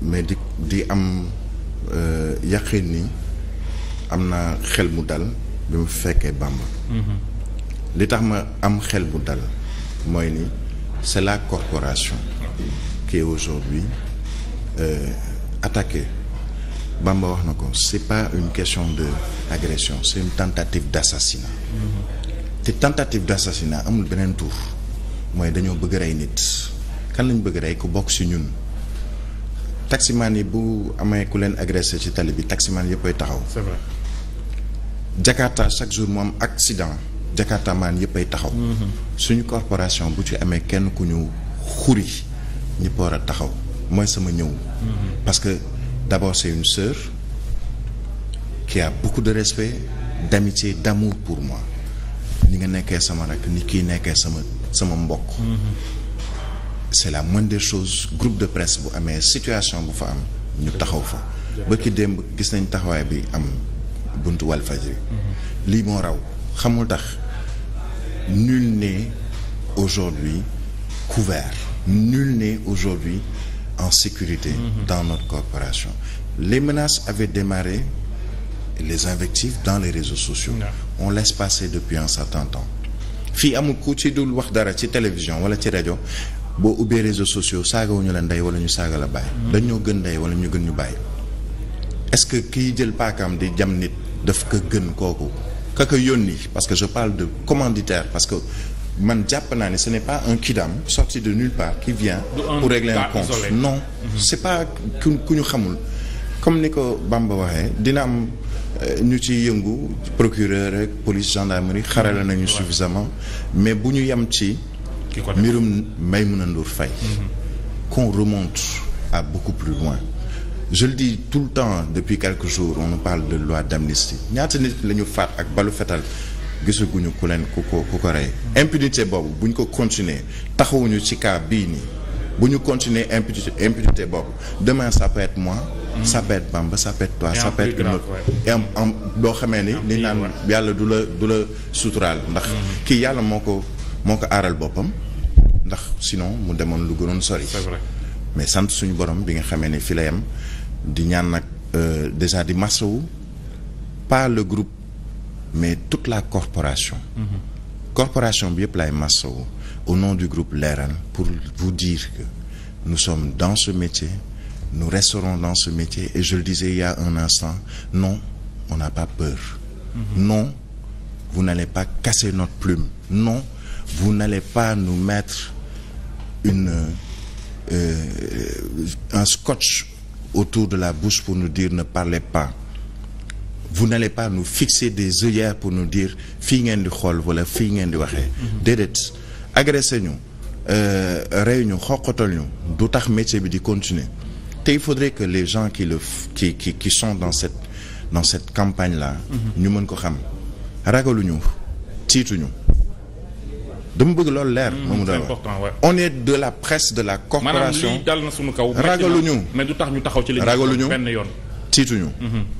mais di di am euh, yàqin ni am na xel mu dal bi mu fekkee Bamba mhm. li tax ma am xel mu dal mooy ni c'est la corporation qui est aujourd'hui euh, attaquée Bamba wax na ko c'est pas une question de agression c'est une tentative d'assassinat mhm. te tentative d'assassinat amul beneen tour mooy dañoo bëgg rey nit kan lañ bëgg rey ku bokk ci ñun taximaan yi bu amee ku leen agressé ci tali bi taximaan ay taxaw. c'est vrai. Jakarta chaque jour mu am accident Jakarta maan ay taxaw. Mm-hmm. suñu corporation bu ci amee kenn ku ñu xuri ñëpp war a taxaw mooy sama ñëw. Mm-hmm. parce que d'abord c'est une sœur qui a beaucoup de respect d'amitié d'amour pour moi ni nga nekkee sama rak ni kii nekkee sama sama mbokk. Mm-hmm. c'est la moindre des choses groupe de presse bu amee situation bu fa am ñu taxaw fa ba démb gis nañ taxawaay bi am buntu Walfadjri mhm. lii moo raw xamul tax nul n'est aujourd'hui couvert nul n'est aujourd'hui en sécurité mhm. dans notre corporation les menaces avaient démarré les invectives dans les réseaux sociaux on laisse passer depuis un certain temps fii amul ku ci dul wax dara ci télévision wala ci rajo boo ubbee réseaux sociaux saagawuñu la ndey wala ñu saaga la bàyyi. Mm-hmm. dañoo gën ndey wala ñu gën ñu bàyyi. est-ce que kiy jël paakaam di jam nit daf ko gën kooku ka ko yónni parce que je parle de commanditaire parce que man jàpp naa ne ce n'est pas un kidam sorti de nulle part qui vient pour régler un compte non mm c'est pas ku ñu xamul comme ni ko Bamba waxee dina am euh, ñu ci yëngu procureur rek police gendarmerie xarala nañu mm-hmm. suffisamment mais bu ñu yem ci mbirum Maïmouna Ndour Faye mhm. qu'on remonte à beaucoup plus loin je le dis tout le temps depuis quelques jours on nous parle de loi d'amnistie ñaata nit la ñu faat ak balu fetal gisaguñu ku leen ku ko ku ko rey mhm. impunité boobu bu ñu ko continuer taxawuñu ci cas bii nii bu ñu continuer impunité impunité boobu demain ça peut être moi mhm. ça peut être Bamba ça peut être toi doo xamee ni li naan yàlla du la du la suturaal ndax kii yàlla moo ko moo ko aaral boppam ndax sinon mu demoon lu gënoon sori. c'est mais sant suñu borom bi nga xamee ne fi la yam di ñaan nag euh, déjà di masawu pas le groupe mais toute la corporation. Mm corporation bi yëpp lay masawu au nom du groupe Leral pour vous dire que nous sommes dans ce métier nous resterons dans ce métier et je le disais il a un instant non on n'a pas peur. Mm-hmm. non vous n'allez pas casser notre plume non. vous n'allez pas nous mettre une euh, un scotch autour de la bouche pour nous dire ne parlez pas vous n'allez pas nous fixer des œillères pour nous dire fii ngeen di xool wala fii ngeen di waxee mhm. déedéet agressé ñu euh, rey ñu xoqatal ñu tax métier bi di continuer te il faudrait que les gens qui le qui qui qui sont dans cette dans cette campagne là mhm. ñu mën ko xam ragaluñu tiituñu dama bëgg loolu leer. moom mooy wax on de la presse de la. corporation dal na sunu kaw. ragaluñu mais du tax ñu taxaw ci li. ragaluñu benn yoon tiituñu. Hmm.